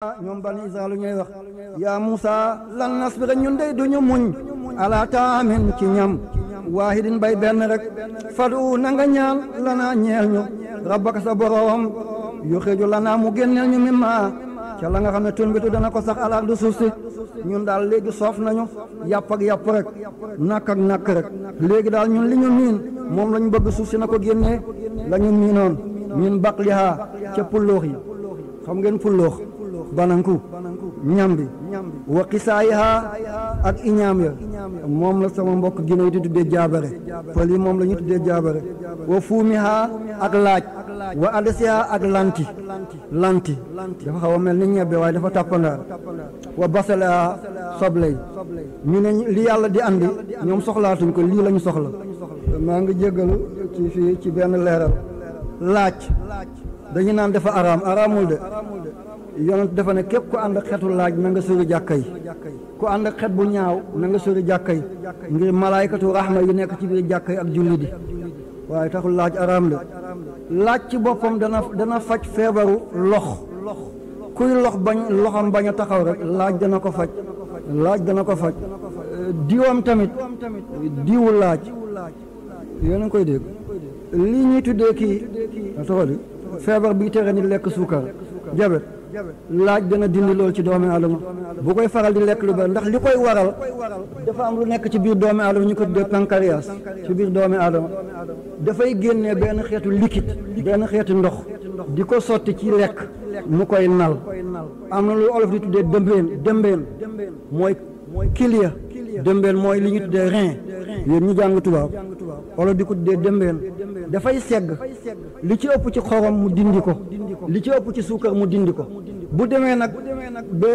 ñoom bani wax ya musa lan nasbira ñun day duñu muñ ala taamin ci ñam wahidin bay ben rek fadu na nga ñaan lana ñeel ñu rabbaka sa borom yuxeju lana mu gennel ñu mimma ci la nga xamne tun bitu dana ko sax ala du suuf ñun dal legi sof nañu yap ak yap rek nak ak nak rek legi dal ñun li ñu bëgg nako genné lañu minon min baqliha ci pulloox xam ngeen bananku ñambi wa qisaayiha ak iñaam ya moom la sama mbokk gina yi di tuddee jaabare pël yi moom la ñu tuddee jaabare wa fuumiha ak laaj wa adasiha ak lanti lanti dafa xaw a mel ni ñebbe waaye dafa tàppandaar wa soble sobley ñu ne li yàlla di andi ñoom soxlaatuñ ko lii lañu ñu soxla maa ngi jéggalu ci fii ci benn leeral laaj dañu naan dafa araam araamul de yonent dafa ne képp ku ànd ak xetu laaj na nga sori jàkka yi ku ànd ak xet bu ñaaw na nga sori jàkka yi ngir malaaykatu rahma yi nekk ci biir jàkka yi ak julli di waaye taxul laaj araam la laaj ci boppam dana dana faj feebaru lox kuy lox bañ loxam bañ a taxaw rek laaj dana ko faj laaj dana ko faj diwam tamit diwu laaj yéen ngi koy dégg lii ñuy tuddee kii feebar bi tere nit lekk suukar jabet laaj a dindi lool ci doomi aadama bu koy faral di lekk lu bari ndax li koy waral dafa am lu nekk ci biir doomi aadama ñu ko tuddee pancréas ci biir doomi aadama dafay génne benn xeetu liquide benn xeetu ndox di ko sotti ci lekk mu koy nal am na lu olof di tuddee dëmbeen dëmbeen mooy kilia dëmbeen mooy li ñu tuddee rein yéen ñu jàng tubaab olof di ko tuddee dëmbeen dafay segg li ci ëpp ci xorom mu dindi ko li ci ëpp ci suukar mu dindi ko bu demee nag ba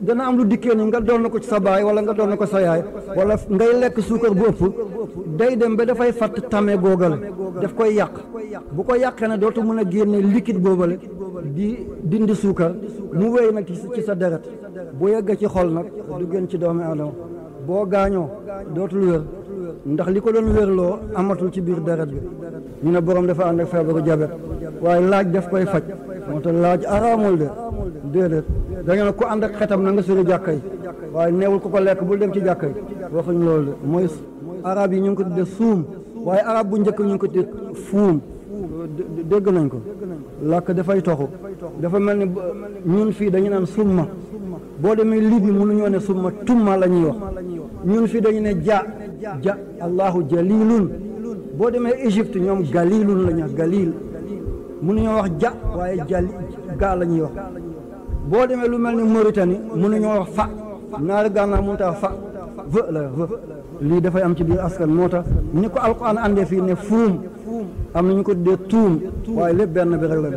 dana am lu dikkee ni nga doon na ko ci sa baay wala nga doon na ko sa yaay wala ngay lekk suukar bu ëpp day dem ba dafay fatt tame googale daf koy yàq bu ko yàqee na dootu mën a génne liquide boobale di dindi suukar mu wéy nag ci sa deret bu yegg ci xol nag du gën ci doomi aadama boo gaañoo dootul wér ndax li ko doon wérloo amatul ci biir deret bi ñu ne borom dafa ànd ak feebaru jabet waaye laaj daf koy faj moo tax laaj araamul de déedéet dañu ne ko ànd ak xetam na nga sori jàkka yi waaye neewul ko ko lekk bul dem ci jàkka yi waxuñ loolu de mooy araab yi ñu ngi ko def suum waaye arab bu njëkk ñu ngi ko tudde fuum dégg nañ ko làkk dafay toxu dafa mel ni ñun fii dañu naan summa boo demee libi mënuñoo ne summa tumma la ñuy wax ñun fii dañu ne ja ja allahu jalilun boo demee Égypte ñoom galilun la ñu galil mënuñoo wax ja waaye jàlli gaa la ñuy wax boo demee lu mel ni Mauritanie mënuñoo wax fa naari gànnaar mënut a fa vë la vë lii dafay am ci biir askan moo tax ni ko alquran àndee fii ne fuum am na ñu ko dee tuum waaye lépp benn bi rek la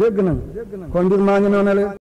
dégg nañ kon mbir maa ngi noonu la